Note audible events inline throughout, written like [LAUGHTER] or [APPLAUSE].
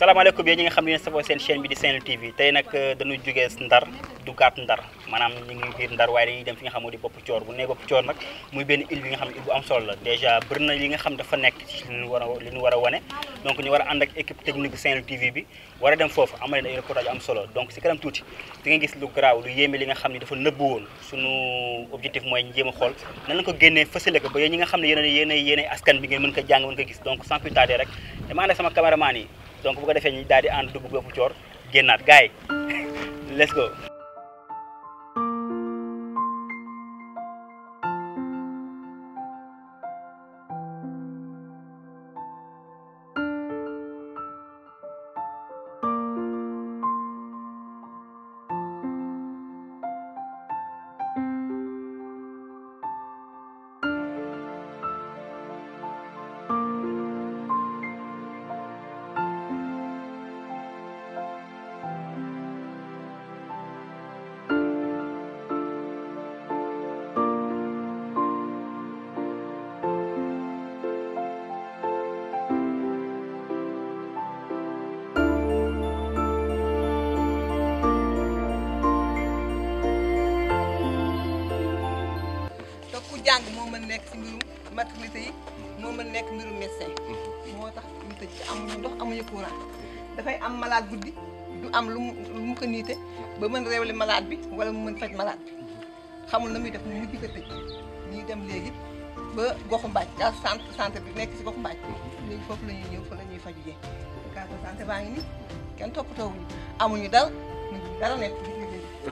salaamaaleykum yéen ñi nga xam ne safoo seen chaîne bi di Saint-Louis TV tey nag euh, dañu jógee ndar dugaat ndar maanaam ñu ngi biir ndar waaye xam moo di bopp coor bu nee bopp am solo la dèjà bëri na li nga xam dafa nekk ci war war a wane donc ñu war a ànd ak équipe technique saint foofu amal am solo donc tuuti di gis lu garaaw lu yéeme li nga xam ne dafa nëbb woon suñu objectif mooy jéem a xool nan la ko génnee fësale ko ba yéen ñi nga xam ne yéen a yéen askan bi ngeen mën ko jàng mën ko gis donc sans plus tarder rek dama ànd sama caméraman yi donc bu ko defee ñu daal di ànd dugg bopp coor génnaat gars yi [LAUGHS] let's go nekk mbirum médecin moo tax ñu tëj amuñu ndox amuñu courant dafay am malade guddi du am lu mu lu mu ko niite ba mën réewle malaat bi wala mu mën faj malade bi xamul na muy def mu mujj ko tëj ñuy dem léegi ba goxu mbaaj daa centre santé bi nekk si goxu mbaaj léegi foofu la ñuy ñëw fa la ñuy fajujee case de santé baa ngi ni kenn toppatoo wuñu amuñu dara nekk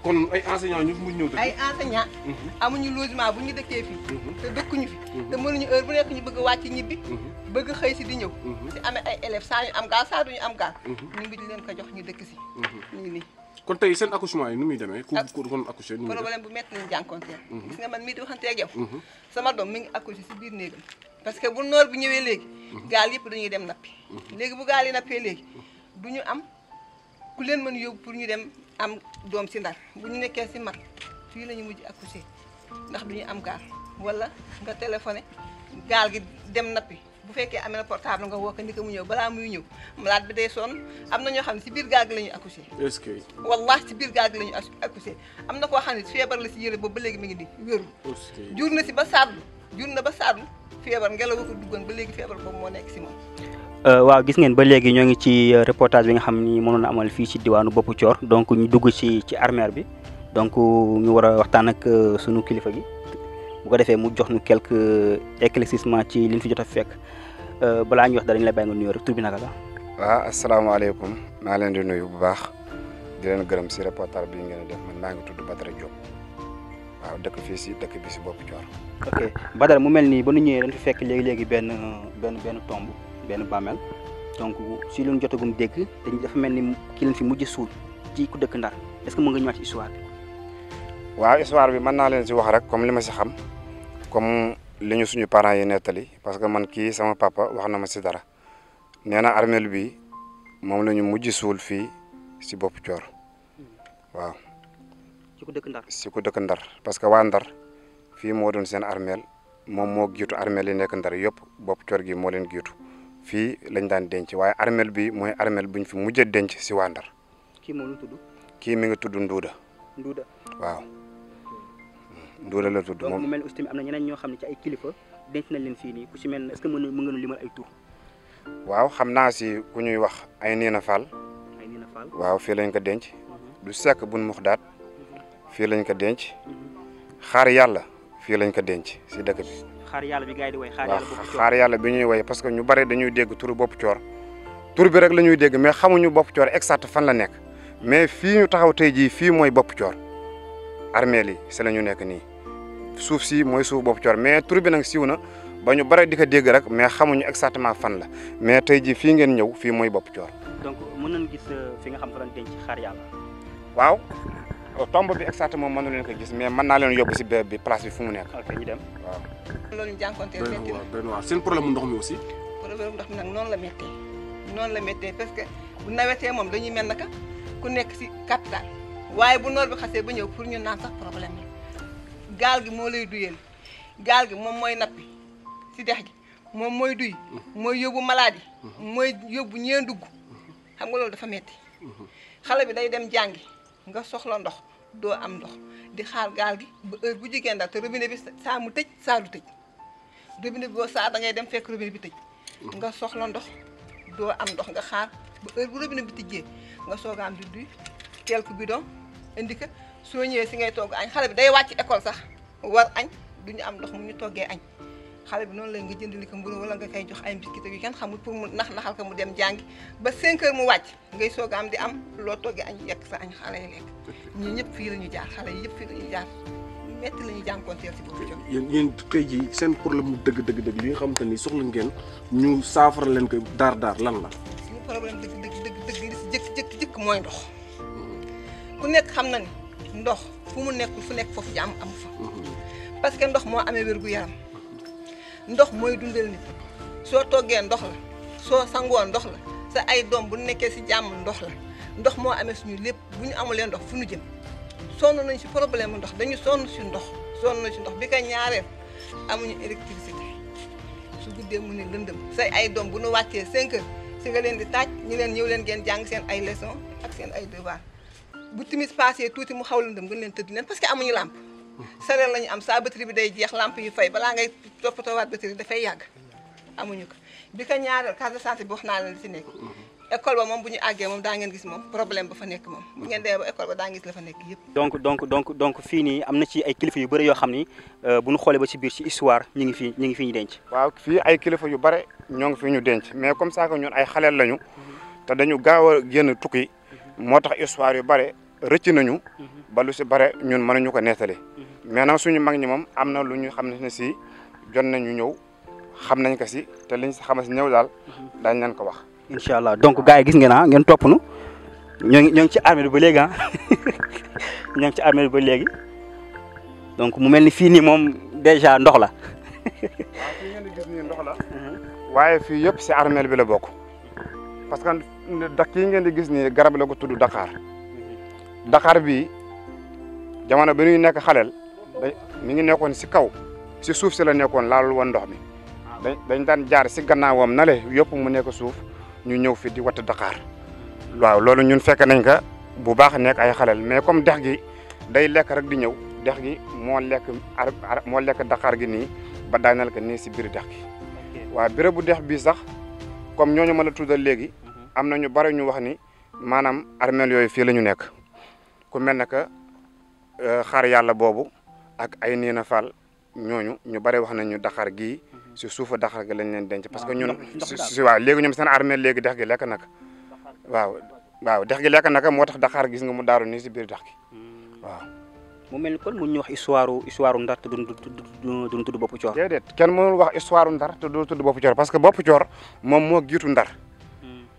kon ay enseignants ñu mun ñëw dëkk. ay mhm. bu ñu dëkkee fii. Mhm. te ñu fi. Mhm. te mënuñu heure bu nekk ñu bëgg a wàcc ñibbi. bëgg xëy si di ñëw. di amee ay saa ñu am gaal saa duñu am gaal. ñu ngi leen ko jox ñu dëkk si. ñu ngi nii. kon tey seen accouchement yi nu muy demee. ku ah. ku kon accouché nu muy demee problème bu métti nañu jànkuwanteel. gis nga man mii di waxanteeg yow. sama doom mi ngi accouché si biir néegam. parce que bu noor bi ñëwee léegi. gaal yëpp dañuy dem nappi. léegi bu gaal yi du ñu am ku leen mën yóbbu pour ñu dem am doom si ndar bu ñu nekkee si mag fii la ñu mujj accoucher ndax du ñu am gaal wala nga téléphoné gaal gi dem nappi bu fekkee amee na portable nga woo ko ni ko mu ñëw balaa muy ñëw malaat bi day sonn am na ñoo xam ne si biir gaal gi la ñu accoucher. est-ce si biir gaal gi la ñu accoucher am na koo xam ne feebar la si yëre boobu ba léegi mi ngi di wéru. jur na si ba saddu jur na ba saddu feebar ngelaw ko duggoon ba léegi feebar boobu moo nekk si moom. Euh, waaw gis ngeen ba léegi ñoo ngi ci euh, reportage bi nga xam ni mënoon na amal fii ci diwaanu boppu Coor donc ñu dugg ci ci armeer bi donc ñu war a waxtaan ak euh, sunu kilifa gi bu defee mu jox ñu quelques éclaircissement ci liñ fi jot a fekk balaa ñuy wax dara ñu lay bàyyi nga nuyoo rek tur bi naka la. waaw asalaamaaleykum maa leen di nuyu bu baax di gërëm si reportage bi ngeen def man maa ngi tudd Badara Diop waaw dëkk fii si dëkk bi si boppu Coor. ok Badara mu mel nii ba nu ñëwee dañ fi fekk léegi léegi benn benn benn tomb. ben bamel donc si luñu ñu jotagum dégg dañ dafa melni ni ki leen fi mujj suul ci ku dëkk ndar est ce mo nga ñëwaat histoire bi. waaw histoire bi man na leen ci wax rek comme lima ma xam comme liñu suñu parents yi netali parce que man kii sama papa wax na ma ci dara neena na bi mom lañu mujj suul fi si bop cior wa si ku dëkk ndar ci ku dëkk ndar parce que wa ndar fi mo doon sen armel mom mo jiitu armel li nek ndar yop bop cior gi mo leen jiitu. fii lañ daan denc waaye armeel bi mooy armel buñ fi mujj a denc si waa Ndar. kii moo tudd. kii mi nga tudd Nduuda. Nduuda waaw. Nduuda la tudd moom donc mu mel aussi am na ñeneen ñoo xam ne ci ay kilifa denc nañ leen fii nii ku si mel ne est-ce que mën nga nu limal ay tur. waaw xam naa si ku ñuy wax ay Niina Fall. waaw fii lañ ko denc. Mhm. du sekk buñ muxdaat. Mhm. fii lañ ko denc. Mhm. xaar yàlla fii lañ ko denc si dëkk xaar yàlla bi gars yi di way xaar yàlla bopp coor xaar yàlla bi ñuy way parce que ñu bari dañuy dégg turu bopp coor tur bi rek la ñuy dégg mais xamuñu bopp coor exact fan la nekk mais fii ñu taxaw tey jii fii mooy bopp coor armeel yi si la ñu nekk nii suuf si mooy suuf bopp coor mais tur bi nag siiw na ba ñu bari di ko dégg rek mais xamuñu exactement fan la mais tey jii fii ngeen ñëw fii mooy bopp coor donc mën nañ gis euh, fi nga xam fa lañ denc xaar yàlla waaw tomb bi exactement mënu leen ko gis mais mën naa leen yóbbu si béréb bi fu mu nekk ñu dem waaw loolu ñu jànkonteel métti na doy na waar seen problème mu ndox mi aussi problème ndox mi nag noonu la méttee noonu la méttee parce bu nawetee moom dañuy mel naka ku nekk si capital waaye bu noor bi xasee ba ñëw pour ñu naan sax problème gaal gi moo lay duyeel gaal gi moom mooy nappi si dex gi moom mooy duy mooy yóbbu maladie mooy yóbbu ñeen dugg xam nga loolu dafa metti mhm. xale bi day dem jàngi nga soxla ndox doo am ndox di xaar gaal gi ba heure bu jigéen ndaw te robinet bi saa mu tëj saa du tëj robinet bi boo saa da ngay dem fekk robinet bi tëj nga soxla ndox doo am ndox nga xaar ba heure bu robinet bi tijjee nga soog a am di duy quelque bidon indi ko soo ñëwee si ngay togg añ xale bi day wàcc école sax war añ ñu am ndox mu ñu toggee añ xale bi noonu la nga jëndali ko mburu wala nga koy jox ay biscuit yu kenn xamul pour mu nax naxal ko mu dem jàngi ba 5 heures mu wàcc ngay soog am di am loo toggee añ yekk sa añ xale yi lekk ñun ñëpp fii la ñu jaar xale yi yëpp fii la jaar metti la ñu jànkoonteel si boobu jom yéen yéen tey jii seen problème mu dëgg dëgg dëgg yi xamante ni soxla ngeen ñu saafara leen ko daar daar lan la suñu problème dëgg dëgg dëgg dëgg li si jëkk jëkk jëkk mooy ndox ku nekk xam na ni ndox fu mu nekkul fu nekk foofu jàmm am fa mm-hmm. parce que ndox moo amee wér gu yaram ndox mooy dundal nit soo toggee ndox la soo sangoo ndox la sa ay doom bu nekkee si jàmm ndox la ndox moo amee suñu lépp bu ñu amulee ndox fu ñu jëm sonn nañ ci problème ndox dañu sonn ci ndox sonn nañ ci ndox bi ko ñaareel amuñu électricité su guddee mu ne lëndëm say ay doom bu ñu wàccee 5 heures ci nga leen di taaj ñu leen ñëw leen ngeen jàng seen ay leçon ak seen ay devoir bu timis passé tuuti mu xaw lëndëm gën leen tëdd leen parce que amuñu làmp sareel la ñu am saa batterie bi day jeex lamp yu fay balaa ngay toppatoowaat batterie dafay yàgg amuñu ko bi ko ñaareel case de santé bi wax naa leen li nekk mhm. école ba moom bu ñu àggee moom daa ngeen gis moom problème ba fa nekk moom bu ngeen demee ba école ba nekk yëpp donc donc donc fii nii am na ci ay kilifa yu bëri yoo xam ni euh, bu ñu xoolee ba ci biir ci histoire ñu ngi fii ñu ngi fi ñu denc waaw fii ay kilifa yu bare ñoo ngi fi ñu denc mais comme ça que ñun ay xaleel lañu te dañu gaaw a génn tukki mhm. moo tax histoire yu bare rëcc nañu mhm. ba lu ci bare ñun mënuñu ko ne maanaam suñu mag ñi mom amna luñu lu ñu ne si jot nañu ñew xamnañ ko ci te liñ si xamal si ñëw daal ko wax. inshallah allah donc gaay gis ngeen ah ngeen top nu ñoo ngi ñoo ci armée bi ba léegi ñoo ngi ci armée bi ba ah [LAUGHS] donc mu fi ni mom déjà ndox la. waye fi yépp ci armée bi la bok parce que dak yi ngeen di gis ni garab la ko tuddu Dakar Dakar bi, jamono bi ñuy nek xalel da mi ngi nekkoon si kaw si suuf si la nekkoon laalul woon ndox mi dañ dañ daan jaar si gannaawam nale yëpp mu nekk suuf ñu ñëw fi di wat daqaar waaw loolu ñun fekk nañ ka bu baax nekk ay xaleel mais comme dex gi day lekk rek di ñëw dex gi moo lekk moo lekk daqaar gi nii ba daaneel ko nii si biir dex gi waaw béréb bu dex bii sax comme ñooñu ma la tuddal léegi mhm. am na ñu bari ñu wax ni maanaam armeel yooyu fii la ñu nekk ku mel ne euh, xaar yàlla boobu ak ay Nina Fall ñooñu ñu bare wax nañu daxar gii mhm. si suufa daxar gi lañ leen denc parce que ah, ñun si waaw léegi ñoom seen armée léegi dex gi lekk naka waaw waaw dex gi lekk naka moo tax daxar gis nga mu daaru nii si biir dex gi hmm. waaw mu mel ni kon mun ñu wax histoire histoire ndar te duñ duñ tudd boppu coor déedéet kenn mënul wax histoire ndar te duñ tudd boppu parce que boppu coor moom moo giitu ndar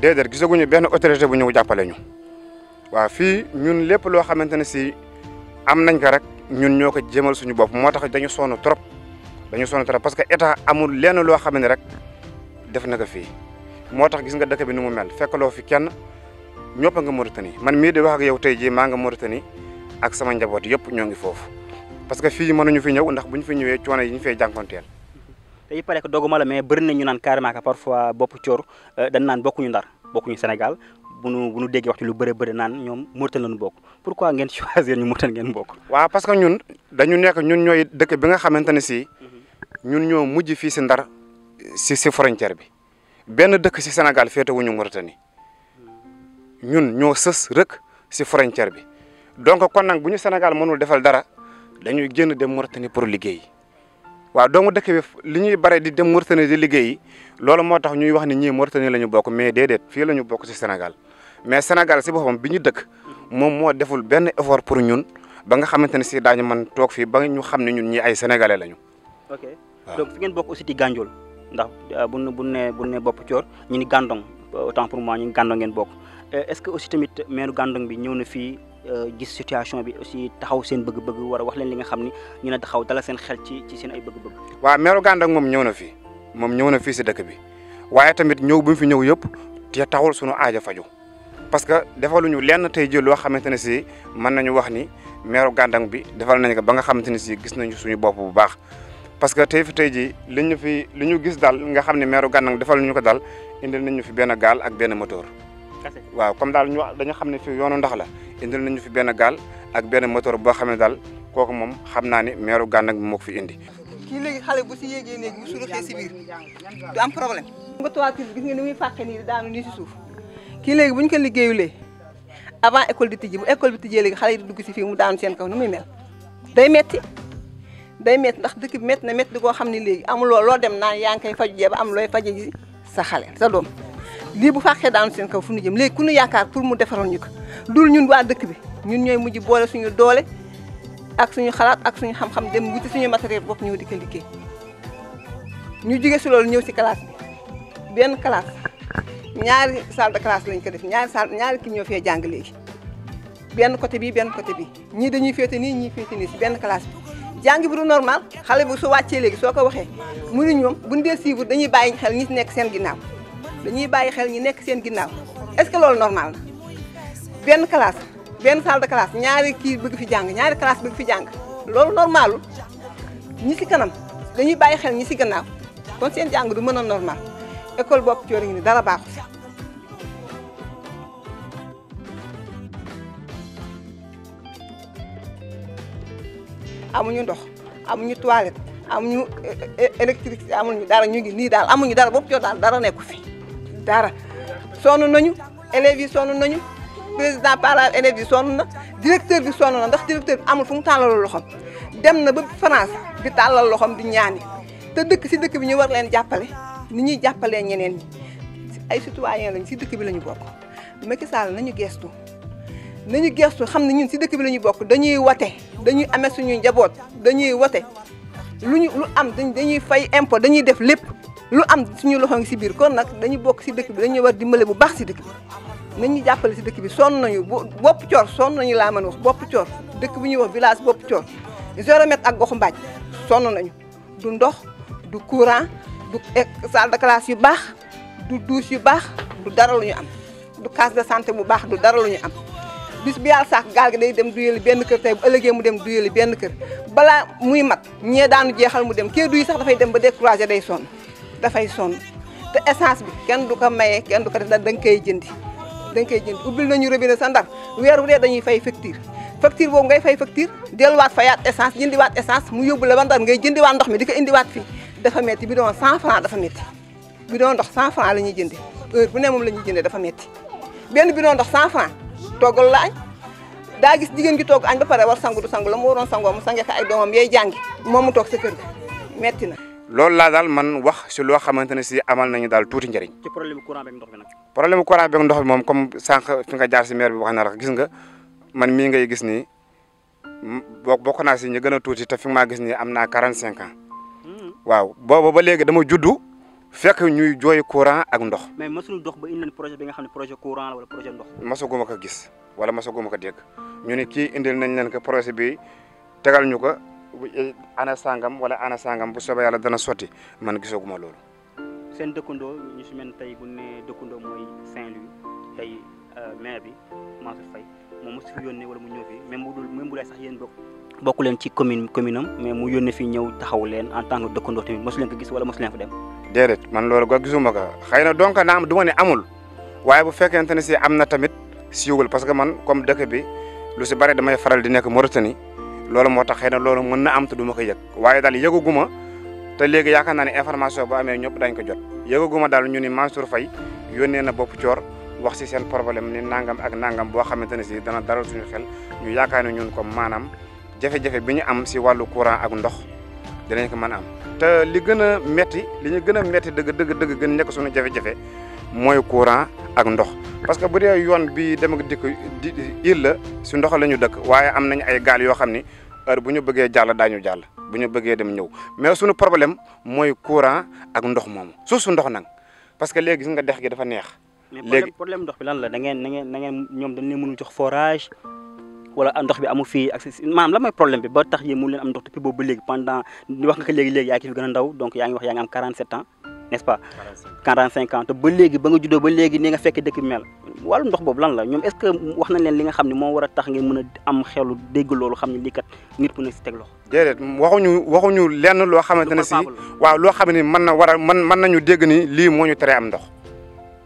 déedéet gisaguñu benn autorité bu ñëw jàppale ñu waaw fii ñun lépp loo xamante ne si am nañ ko rek ñun ñoo ko jëmal ñu bopp moo tax dañu sonn trop dañu sonn trop parce que état amul lenn loo xam ne rek def na ko fii moo tax gis nga dëkk bi ni mu mel fekkaloo fi kenn ñëpp nga Mauritanie man mii di wax a yow tey jii maa nga Mauritanie ak sama njaboot yëpp ñoo ngi foofu parce que fii ñu fi ñëw ndax bu ñu fi ñëwee coono yi ñu fay jànkonteel te paré ko que la mais bëri na ñu naan carrément que parfois bop coor euh, dañ naan ñu Ndar bokku ñu Sénégal bu nu bu nu déggee wax ci lu bëri bëri naan ñom mortel lañu bokk pourquoi ngeen [LAUGHS] choisir ñu mortel ngeen bokk. wa parce que ñun dañu nekk ñun ñoy dëkk bi nga xamante si mhm. ñun ñoo mujj fi ci Ndar ci ci frontière bi benn dëkk ci Sénégal fété wuñu mortani ñun ñoo sës rek ci frontière bi donc kon nak buñu Sénégal mënul défal dara dañuy génn dem mortani pour liggéey. waaw doomu dëkk bi li ñuy bare di dem Mauritanie di liggéey loolu moo tax ñuy wax ni ñii Mauritanie la ñu bokk mais déedéet fii la ñu bokk ci Sénégal mais Sénégal si boppam bi ñu dëkk moom moo deful benn effort pour ñun ba nga xamante ne ci daañu mën toog fii ba ñu xam ne ñun ñii ay sénégalais lañu. ok donc ngeen bokk aussi di Gandiol ndax euh, bu nu bu ne bu ne bopp coor ñu ni Gandon autant pour moi ñu ni Gandon ngeen bokk euh, est-ce que aussi tamit meeru Gandon bi ñëw na fii. gis situation bi aussi taxaw seen bëgg-bëgg war a wax leen li nga xamni ñu na taxaw dala seen xel ci ci seen ay bëgg-bëgg. waaw meru Gàndak moom ñëw na fi mom ñëw na fii dëkk bi waye tamit ñëw bu fi ñëw yëpp te taxul suñu aaja faju parce que defaluñu lenn tay jël lo xamanteni ci man nañu wax ni bi defal nañ ko ba nga xamanteni ci gis nañu suñu bop bu baax. parce que tay fi tay ji liñu fi liñu gis dal nga xamni ne meeru defal ñu ko dal indi nañu fi ben gal ak ben moteur. comme xale bu si yéegee néeg bu suruxee si biir du am problème. nga toiture gis nga ni muy fàqe nii daanu nii si suuf kii léegi bu ko liggéeyulee avant école di tijji bu école bi tijjee léegi xale yi dugg si fii mu daanu seen kaw nu muy mel day metti day métti ndax dëkk bi na métti di koo xam ne léegi amuloo dem naan yaa ngi faju jee am looy faje ji sa xale sa doom lii bu fàqee daanu seen kaw fu ñu jëm léegi ku ñu yaakaar pour mu defaral ñu ko dul ñun waa dëkk bi ñun ñooy mujj boole suñu doole ak suñu xalaat ak suñu xam-xam dem wuti suñu matériel bopp ñëw di ko liggéey ñu jóge si loolu ñëw si classe bi benn classe ñaari salle de classe lañ ko def ñaari salle ñaari ki ñoo fee jàng léegi benn côté bi benn côté ñii dañuy féete nii ñii féete nii si benn classe bi jàngi bu du normal xale bu su wàccee léegi soo ko waxee mënuñ ñoom buñ dee suivre dañuy bàyyi xel ñi si nekk seen ginnaaw dañuy bàyyi xel ñi nekk seen ginnaaw est-ce que loolu normal benn classe benn salle de classe ñaari kii bëgg fi jàng ñaari classe bëgg fi jàng loolu normalul ñi si kanam dañuy bàyyi xel ñi si gannaaw kon seen jàng du mën a normal école bopp coori ngi ni dara baaxu si amuñu ndox amuñu toilette amuñu euh, euh, électricité amuñu dara ñu ngi nii daal amuñu dara bopp coor daal dara nekku fi dara sonn nañu élèves yi sonn nañu président parent élèves yi sonn na directeur bi sonn na ndax directeur bi amul fu mu tàllal loxoom dem na ba France di tàllal loxoom di ñaani te dëkk si dëkk bi ñu war leen jàppale ni ñuy jàppalee ñeneen ñi ay citoyen lañ si dëkk bi la ñu bokk Macky Sall nañu gestu nañu gestu xam ne si dëkk bi la bokk dañuy wote dañuy amee suñuy njaboot dañuy wote lu ñu lu am dañuy fay impôt dañuy def lépp lu am suñu loxo ngi si biir kon nag dañu bokk si dëkk bi dañuy war dimbale bu baax si dëkk bi nañu jàppale si dëkk bi sonn nañu bopp coor sonn nañu laa mën wax bopp coor dëkk bu ñuy wax village bopp coor zéro mètre ak goxu mbaaj sonn nañu du ndox du courant du e, salle de classe yu baax du douche yu baax du dara lu ñu am du case de santé bu baax du dara lu ñu am bis bi yàlla gaal gi day dem duyeli benn kër tey bu ëllëgee mu dem duyeli benn kër balaa muy mat ñee daanu jeexal mu dem kee duy sax dafay dem ba découragé day sonn dafay sonn te essence bi kenn du ko maye kenn du ko def da nga koy jëndi da nga koy jëndi ubbil nañu robinet sa ndar weer wu dañuy fay facture facture boobu ngay fay facture delluwaat fayaat essence jëndiwaat essence mu yóbbu la ba ngay jëndiwaat ndox mi di ko indiwaat fii dafa metti bidon 100 francs dafa metti bidon ndox 100 la ñuy jënde heure bu ne moom la ñuy jënde dafa metti benn bidon ndox 100 francs toggal la añ daa gis jigéen gi togg añ ba pare war sangu du sangu la mu waroon sangoo mu sange ko ay doomam yay jàngi moom mu toog sa kër ga metti na loolu la dal man wax ci lo xamante ci amal nañu dal touti ndariñ ci problème courant bek ndox bi nak problème courant bek ndox bi mom comme sank fi nga jaar ci maire bi wax na rek gis nga man mi ngay gis ni boo bokk na ci ñu gëna touti te fi ma gis ni amna 45 ans hmm. waaw booba ba légui dama juddu fekk ñuy joy courant ak ndox. mais mosul dox ba indi projet bi nga xamni projet courant la wala projet ndox. mosaguma ko gis wala mosaguma ko deg ñu ne ki indil nañ leen ko projet bi tegal ñuko Eh, ana sangam wala ana sangam bu soobee yàlla dana sotti man gisaguma loolu. seen dëkkandoo ñu si mel tey bu ne dëkkandoo mooy Saint-Louis tey euh, maire bi Mansour Faye moom mosu fi yónnee wala mu ñëw fi même bu sax yéen bokk bokk leen ci commune commune am mais mu yónnee fi ñëw taxaw leen en tant que dëkkandoo tamit mosu leen ko gis wala mosu leen fa dem. déedéet man loolu ko gisuma ko xëy na donc naa am du ma amul waaye bu fekkente ne si am na tamit siiwul parce que man comme dëkk bi si bare damay faral di nekk Mauritanie. loolu moo tax xëy na loolu mën na am te duma ma ko yëg waaye daal yëgaguma te léegi yaakaar naa ne information bu amee ñëpp dañ ko jot yëgaguma daal ñu ni Mansour fay yónnee na bopp coor wax si seen problème ni nangam ak nangam boo xamante ne si dana dalal suñu xel ñu yaakaar ne ñun kom maanaam jafe-jafe bi ñu am si wàllu courant ak ndox dinañ ko mën a am te li gën a metti li ñu gën a metti dëgg dëgg dëgg gën nekk suñu jafe-jafe mooy courant ak ndox parce que bu dee yoon bi dem ak dikk di la si ndox la ñu dëkk waaye am nañ ay gaal yoo xam ni heure bu ñu bëggee jàll daañu jàll bu ñu bëggee dem ñëw mais suñu problème mooy courant ak ndox moom suuf su ndox nag parce que léegi gis nga dex gi dafa neex. léegi problème ndox bi lan la da ngeen da ngeen da ngeen ñoom dañ leen mënul jox forage wala ndox bi amul fii accès maanaam la mooy problème bi ba tax yéen leen am ndox depuis boobu ba léegi pendant yaa ngi a ndaw donc yaa wax yaa n'est-ce pas 45 ans te ba légui ba nga juddoo ba légui ni nga fekk dëkk mel walu ndox boobu lan la ñom est-ce que wax nañ leen li nga xamni mo wara tax ngeen mëna am xelu dégg lolu xamni li kat nit ku ne ci teg loxo déedéet waxuñu waxuñu lenn lo xamante ne si waaw lo xam man mën na war a mën nañu dégg ni li moñu téré am ndox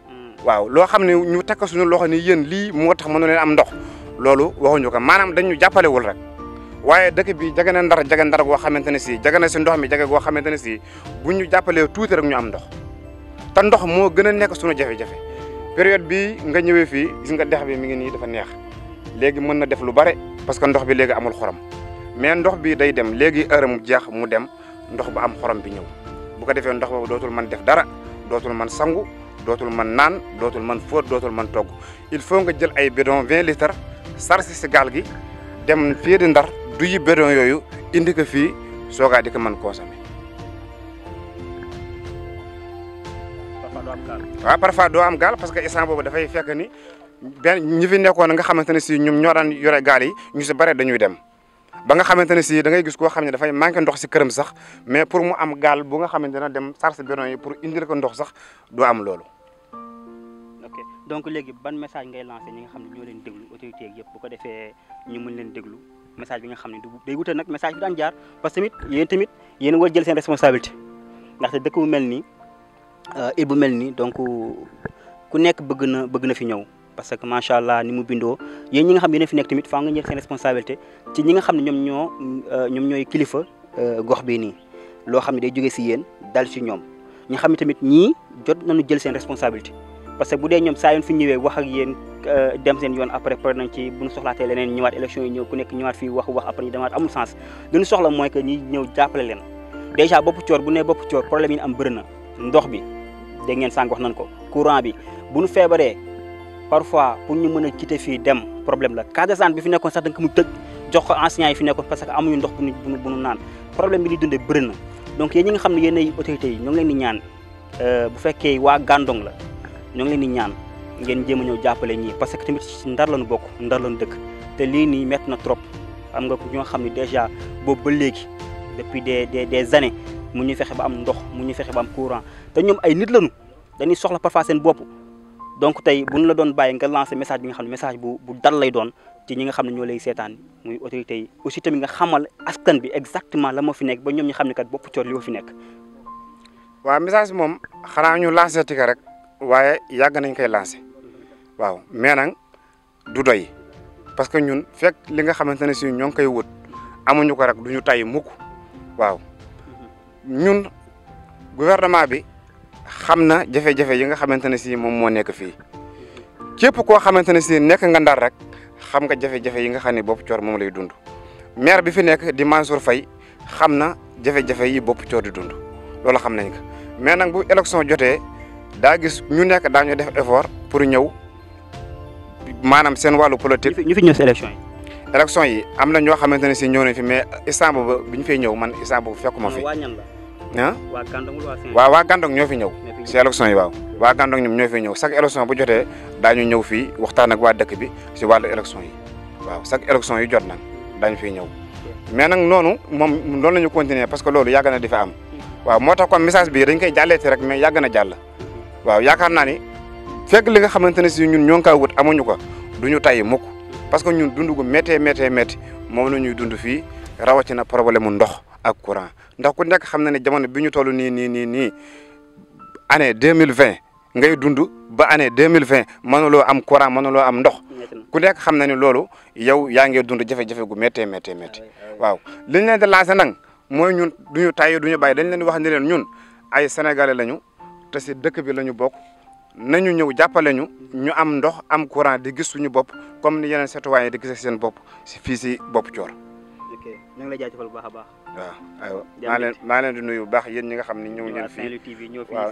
hmm. waaw lo xam ne ñu takk suñu loxo ni yeen li mo tax mëna leen am ndox lolu waxuñu ko manam dañu jappalé wul rek waye dekk bi jage na ndar jage ndar go xamanteni si jage na si ndox mi jage go xamanteni si buñu jappale tout rek ñu am ndox ta ndox mo gëna nekk suñu jafe-jafe période bi nga ñëwé fi gis nga dex bi mi ngi ni dafa neex légui mëna def lu bare parce que ndox bi légui amul xoram mais ndox bi day dem légui heure mu jeex mu dem ndox bu am xoram bi ñëw bu ko defé ndox bu dootul man def dara dootul man sangu dootul man nan dootul man foot dootul man togg il faut nga jël ay bidon 20 litres sarsi ci gal gi dem fi di ndar du beron yoyu indi ko fi soga di ko mën consommé waaw parfois doo am gal ah, parce que instant da fay fekk ni benn ñi fi nekkone nga xamanteni si ñoom ñoo daan yore gaal yi ñu si bare dañuy dem ba nga xamanteni si da ngay gis ko xamni da fay manke ndox ci kërëm sax mais pour mu am gal bu nga xamante dem sarse beron yi pour indi ko ndox sax do am loolu donc léegi ban message ngay lancé ñi nga xam ne ñoo leen déglu autorité yëpp bu ko defee ñu mun déglu message bi nga xam du day wouté nak message bi daan jaar parce que tamit yeen tamit yeen nga jël sen responsabilité ndaxte dëkk bu melni euh il melni donc ku nekk bëgg na bëgg na fi ñëw parce que machallah ni mu bindo yeen ñi nga xam yeen fi nekk tamit fa nga jël sen responsabilité ci ñi nga xam ne ñoom ñoo euh, ñoom ñooy kilifa euh, gox bii nii loo xam ne day jógee ci yeen dal ci ñom ñi xam tamit ñi jot nañu jël sen responsabilité parce que bu dé ñom sa yoon fi ñëwé wax ak yeen euh, dem seen yoon après par nañ ci bu ñu soxlaaté leneen ñëwaat élection yi ñëw ku nekk ñëwaat fi wax wax après ñu demaat amul sens lu soxla moy que ñi ñëw jappalé leen déjà bop cior bu né bop cior problème yi am bërna ndox bi dé ngeen sànq wax nañ ko courant bi bu ñu feebaree parfois pour ñu mëna kité fi dem problème la case de bi fi nekkoon sax da ko mu tegg jox ko enseignant yi fi nekkoon parce que amuñu ndox bu ñu bu ñu naan problème bi li dundé bërna donc yéen ñi nga xam ne yéen ay autorités yi ñoo ngi leen di ñaan euh bu fekkee wa gandong la ñoo ngi leen di ñaan ngeen jéem a ñëw jàppale ñii parce que tamit ci ndar lañu bokk ndar lañu dëkk te lii nii na trop am nga ñoo xam ne dèjà boobu ba léegi depuis des des des années mu ñu fexe ba am ndox mu ñu fexe ba am courant te ñoom ay nit lañu dañuy soxla parfois seen bopp donc tey bu ñu la doon bàyyi nga lancer message bi nga xam ne message bu bu dal lay doon ci ñi nga xam ne ñoo lay seetaan muy autorité yi aussi tamit nga xamal askan bi exactement la moo fi nekk ba ñoom ñu xam ne kat bopp coor li fi nekk waaw message moom xanaa ñu lancer tika rek waaye yàgg nañ koy lancé waaw mais nag du doy parce que ñun fekk li nga xamante ne si ñoo ngi koy wut amuñu ko rek du ñu tay mukk waaw ñun gouvernement bi xam na jafe-jafe yi nga xamante ne si moom moo nekk fii képp koo xamante ne si nekk nga ndar rek xam nga jafe-jafe yi nga xam ni bopp coor moom lay dund maire bi fi nekk di Mansour fay xam na jafe-jafe yi bopp coor di dund loolu xam nañ ko mais nag bu élection jotee. daa gis ñu nekk daa daañu def effort pour ñëw maanaam seen wàllu politique. ñu fi ñëw si élection yi. am na ñoo xamante ne si ñëw nañ fi mais instant boobu bi ñu fay ñëw man instant boobu fekkuma fi. ah waaw waa Gandon ñoo fi ñëw si élection yi waaw waa Gandon ñoom ñoo fi ñëw chaque élection bu jotee daañu ñëw fii waxtaan ak waa dëkk bi si wàllu élection yi waaw chaque élection yi jot nag daañu fiy ñëw mais nag noonu moom loolu la ñu continuer parce que loolu yàgg na di fa am hmm. waaw moo tax kon message bi dañ koy jàlleeti rek mais yàgg na jàll waaw yaakaar naa ni fekk li nga xamante ne si ñun ñoo ngi kaa wut amuñu ko du ñu tayyi mukk parce que ñun dund gu méttee méttee métti moom la ñuy dund fii rawatina problème mu ndox ak courant ndax ku nekk xam na ne jamono bi ñu toll nii nii nii nii année deux mille vingt ngay dund ba année deux mille vingt mënuloo am courant mënuloo am ndox ku nekk xam na ne loolu yow yaa ngi dund jafe-jafe gu méttee méttee métti ah ah waaw li ñu leen di lancé nag mooy ñun du ñu tayyi du ñu bàyyi dañ leen wax ne leen ñun ay sénégalais lañu. te si dëkk bi la ñu bokk nañu ñëw jàppale ñu ñu am ndox am courant di gis suñu bopp comme ni yeneen seetu waaye di gisee seen bopp si fii si bopp Thior. ok ngi lay jaajëfal bu baax baax. waaw aywa maa leen maa leen di nuyu baax yéen ñi nga xam ne ñëw ngeen fii waaw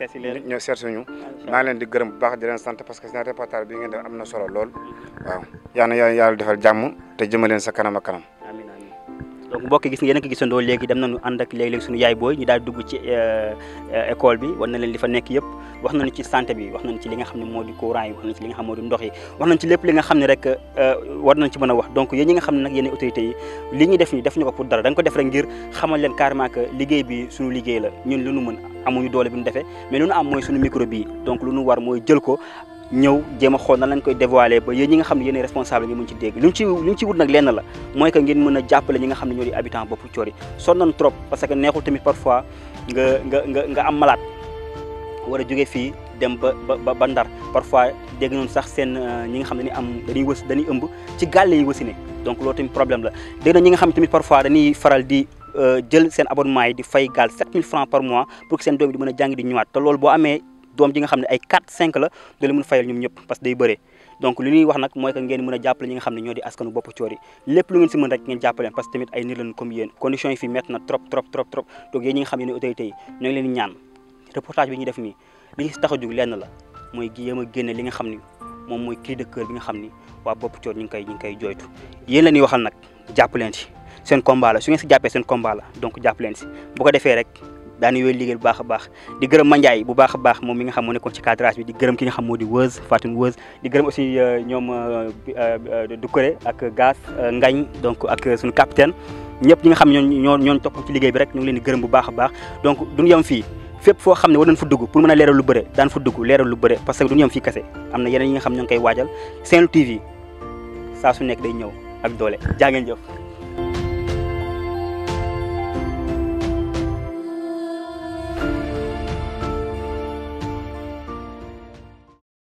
ñëw seet si ñu maa leen di gërëm bu baax di leen sant parce que seen reportage bi ngeen def am na solo lool mm-hmm. waaw. yaa na yàlla defal jàmm te jëmaleen sa kanam kanam. donc mbokk gis ngeen ko gisandoo léegi dem nañu ànd ak léeg-léeg suñu yaay booy ñu daal dugg ci euh, école bi war na leen li fa nekk yëpp wax nañu ci santé bi wax nañu ci li nga xam ne moo di courant yi wax nañu ci li nga xam moo di ndox yi wax lépp li nga xam ne rek euh, war nañu ci mën a wax donc yéen ñi nga xam ne nag yéen autorité yi li ñuy def nii def ñu ko pour dara dañ ko def rek ngir xamal leen carrément que liggéey bi suñu liggéey la ñun lu nu mën amuñu doole bi ñu defee mais lu nu am mooy suñu micro bii donc lu nu war mooy jël ko ñëw jéem a xool nan lañ koy dévoiler ba yéen ñi nga xam ne yéen responsable ngeen mën ci dégg li ñu ci li ñu ci wut nag lenn a nga ñoo di habitant boppu Thiori sonn nañ trop parce que neexul tamit parfois nga nga am malaat war a jóge fii dem ba ba ba ndar parfois dégg noonu sax seen euh, ñi nga xam ne dañuy am dañuy wës dañuy ëmb ci gàlle yi wësine donc loolu tamit problème la dégg na ñi nga xam ne tamit parfois dañuy faral di euh, jël seen abonnement yi di fay gaal 7000 francs par mois pour que seen doom di mën a jàng di ñëwaat te loolu boo amee doom ji nga xam ne ay 4 5 la da la mun fayal ñoom ñëpp parce que day bëree donc li ñuy wax nag mooy que ngeen a jàppale leen si la mooy yéem a li nga xam ni moom mooy cri de cœur xam ni waa bopp coor ñu ngi koy ñu ngi koy seen combat su ngeen si jàppee seen combat la donc jàppaleen si bu ko defee rek daan yooyu liggéey bu baax a baax di gërëm Mandiaye bu baax a baax moom mi nga xam moo nekkoon ci cadrage bi di gërëm ki nga xam moo di Weuz Fatou Weuz di euh, euh, euh, ak Gaas Ngagne donc ñëpp ñi xam ñoon ñoo ñoon topp liggéey bi rek ñu ngi leen di gërëm bu baax a baax donc duñu yem fii fépp foo xam ne war nañ fa dugg pour mën a leeral lu bëre daan fa dugg leeral lu bëre parce que duñu fii kese am na yeneen yi nga xam ñoo ngi koy waajal Saint-Louis TV saa su nekk day ñëw ak doole jaa ngeen jëf